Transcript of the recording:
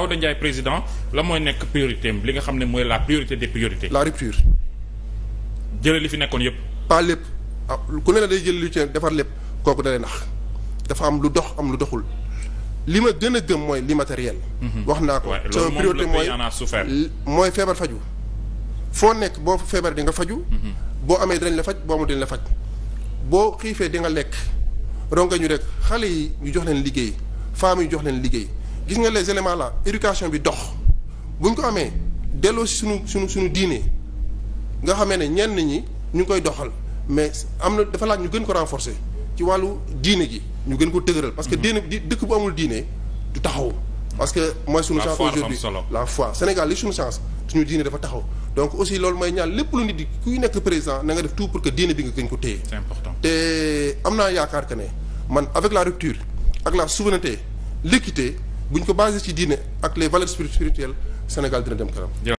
Daouda Ndiaye président la mooy nekk priorité li nga xam ne mooy la priorité des priorités. la rupture. jëlee li fi nekkoon yëpp. pas lépp ah ku ne la day jël li ci defar lépp kooku da lay nax dafa am lu dox am lu doxul li ma gën a gëm mooy li matériel. Mhm. wax naa ko sama priorité mooy mooy feebar faju foo nekk boo feebar di nga faju mhm. boo amee dañ la faj boo amul dinañ la faj boo xiifee di nga lekk ronga ñu rek xale yi ñu jox leen liggéey femmes yi jox leen liggéey. gis nga les éléments la éducation bi dox bu ñu ko amee delloo si suñu suñu suñu diine nga xamee ne ñenn ñi ñu ngi koy doxal mais am na dafa laaj ñu gën ko renforcer ci wàllu diine gi ñu gën ko tëgëral. parce que mm-hmm. diine dëkk bu amul diine du taxaw. parce que mooy suñu chance aujourd'hui la foi Sénégal li suñu chance suñu diine dafa taxaw donc aussi loolu mooy ñaan lépp lu nit di kuy nekk président na nga def tout pour que diine bi nga gën ko téye. te am naa yaakaar que ne man avec la rupture ak la souveraineté l'équité bu ñu ko basé ci diine ak les valeurs spirituelles Sénégal dina dem kanam.